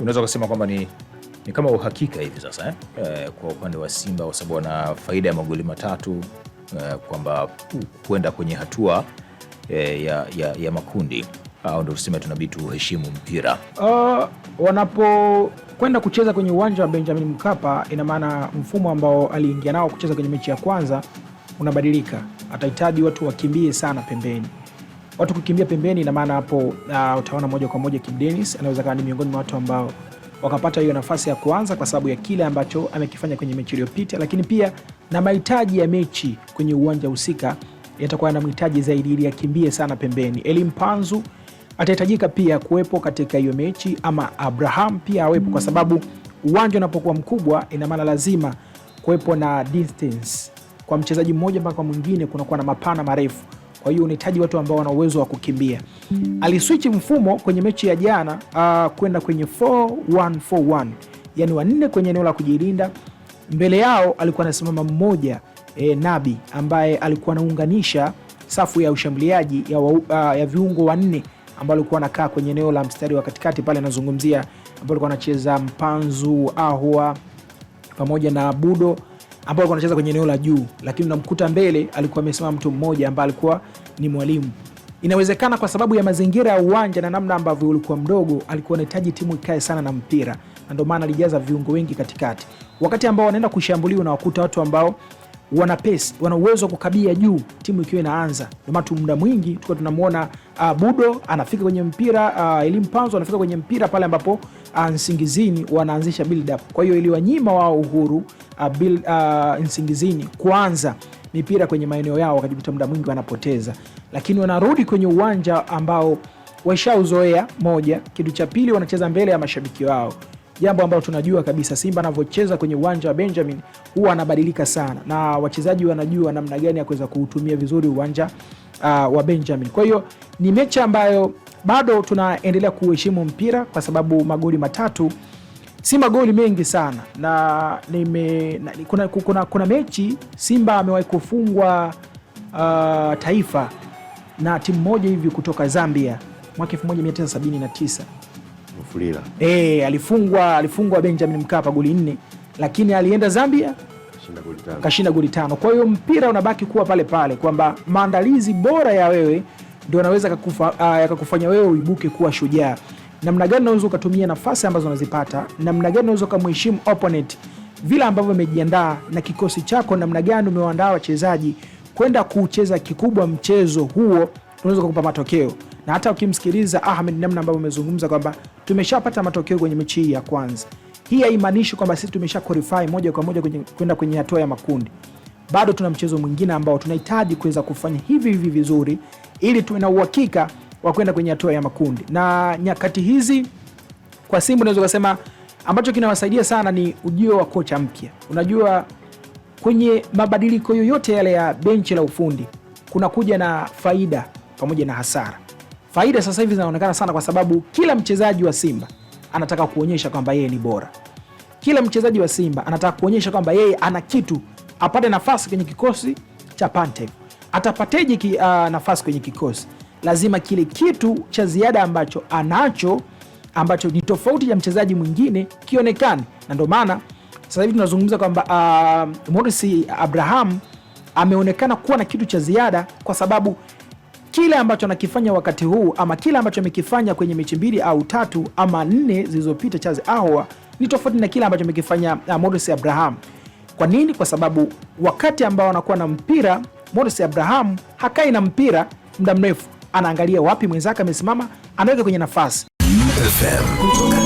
Unaweza ukasema kwamba ni, ni kama uhakika hivi sasa eh? Eh, kwa upande wa Simba kwa sababu wana faida ya magoli matatu eh, kwamba kwenda kwenye hatua eh, ya, ya, ya makundi au ndo tuseme tunabidi tuheshimu mpira uh, ah, wanapokwenda kucheza kwenye uwanja wa Benjamin Mkapa, ina maana mfumo ambao aliingia nao kucheza kwenye mechi ya kwanza unabadilika, atahitaji watu wakimbie sana pembeni watu kukimbia pembeni, na maana hapo uh, utaona moja kwa moja Kibu Denis anaweza kuwa ni miongoni mwa watu ambao wakapata hiyo nafasi ya kwanza kwa sababu ya kile ambacho amekifanya kwenye mechi iliyopita, lakini pia na mahitaji ya mechi kwenye uwanja husika yatakuwa yanamhitaji zaidi ili akimbie sana pembeni. Eli Mpanzu atahitajika pia kuwepo katika hiyo mechi, ama Abraham pia awepo, kwa sababu uwanja unapokuwa mkubwa, ina maana lazima kuwepo na distance kwa mchezaji mmoja mpaka mwingine, kunakuwa na mapana marefu. Kwa hiyo unahitaji watu ambao wana uwezo wa kukimbia. aliswichi mfumo kwenye mechi ya jana uh, kwenda kwenye 4-1-4-1, yani wanne kwenye eneo la kujilinda. Mbele yao alikuwa anasimama mmoja eh, Nabi ambaye alikuwa anaunganisha safu ya ushambuliaji ya, uh, ya viungo wanne ambao alikuwa anakaa kwenye eneo la mstari wa katikati pale, anazungumzia ambao alikuwa anacheza Mpanzu Ahwa pamoja na Budo ambao alikuwa anacheza kwenye eneo la juu, lakini unamkuta mbele alikuwa amesimama mtu mmoja ambaye alikuwa ni mwalimu. Inawezekana kwa sababu ya mazingira ya uwanja na namna ambavyo ulikuwa mdogo, alikuwa anahitaji timu ikae sana na mpira, na ndio maana alijaza viungo wengi katikati, wakati ambao wanaenda kushambuliwa na wakuta watu ambao wana pesi, wana uwezo wa kukabia juu timu ikiwa inaanza. Ndio maana muda mwingi tuko tunamwona uh, ah, Budo anafika kwenye mpira uh, Elim Panzo anafika kwenye mpira pale ambapo uh, Nsingizini wanaanzisha build up. Kwa hiyo iliwanyima wao uhuru uh, build, uh, Nsingizini kuanza mipira kwenye maeneo yao, wakajikuta muda mwingi wanapoteza, lakini wanarudi kwenye uwanja ambao waishauzoea moja. Kitu cha pili, wanacheza mbele ya mashabiki wao jambo ambalo tunajua kabisa Simba anavyocheza kwenye uwanja wa Benjamin huwa anabadilika sana, na wachezaji wanajua namna gani ya kuweza kuutumia vizuri uwanja uh, wa Benjamin. Kwa hiyo ni mechi ambayo bado tunaendelea kuheshimu mpira kwa sababu magoli matatu si magoli mengi sana na, nime, na kuna, kuna, kuna mechi Simba amewahi kufungwa uh, Taifa na timu moja hivi kutoka Zambia mwaka 1979. Fulila. Eh, alifungwa alifungwa Benjamin Mkapa goli nne, lakini alienda Zambia kashinda goli tano. Kwa hiyo mpira unabaki kuwa pale pale kwamba maandalizi bora ya wewe ndio anaweza ah, yakakufanya wewe uibuke kuwa shujaa. Namna gani unaweza ukatumia nafasi ambazo unazipata, namna gani unaweza ukamheshimu opponent, vile ambavyo umejiandaa na kikosi chako, namna gani umewaandaa wachezaji kwenda kucheza kikubwa. Mchezo huo unaweza kukupa matokeo na hata ukimsikiliza Ahmed namna ambavyo amezungumza kwamba tumeshapata matokeo kwenye mechi hii ya kwanza, hii haimaanishi kwamba sisi tumesha qualify moja kwa moja kwenda kwenye hatua ya makundi. Bado tuna mchezo mwingine ambao tunahitaji kuweza kufanya hivi hivi vizuri, ili tuwe na uhakika wa kwenda kwenye hatua ya makundi. Na nyakati hizi kwa Simba unaweza kusema ambacho kinawasaidia sana ni ujio wa kocha mpya. Unajua, kwenye mabadiliko yoyote yale ya benchi la ufundi kuna kuja na faida pamoja na hasara. Faida sasa hivi zinaonekana sana, kwa sababu kila mchezaji wa Simba anataka kuonyesha kwamba yeye ni bora. Kila mchezaji wa Simba anataka kuonyesha kwamba yeye ana kitu, apate nafasi kwenye kikosi cha Pantev. Atapateje ki, uh, nafasi kwenye kikosi? Lazima kile kitu cha ziada ambacho anacho ambacho ni tofauti ya mchezaji mwingine kionekane, na ndio maana sasa hivi tunazungumza kwamba uh, Morris Abraham ameonekana kuwa na kitu cha ziada kwa sababu kile ambacho anakifanya wakati huu ama kile ambacho amekifanya kwenye mechi mbili au tatu ama nne zilizopita, Charles Ahoua ni tofauti na kile ambacho amekifanya uh, Modest Abraham. Kwa nini? Kwa sababu wakati ambao anakuwa na mpira Modest Abraham hakai na mpira muda mrefu, anaangalia wapi mwenzake amesimama, anaweka kwenye nafasi FM.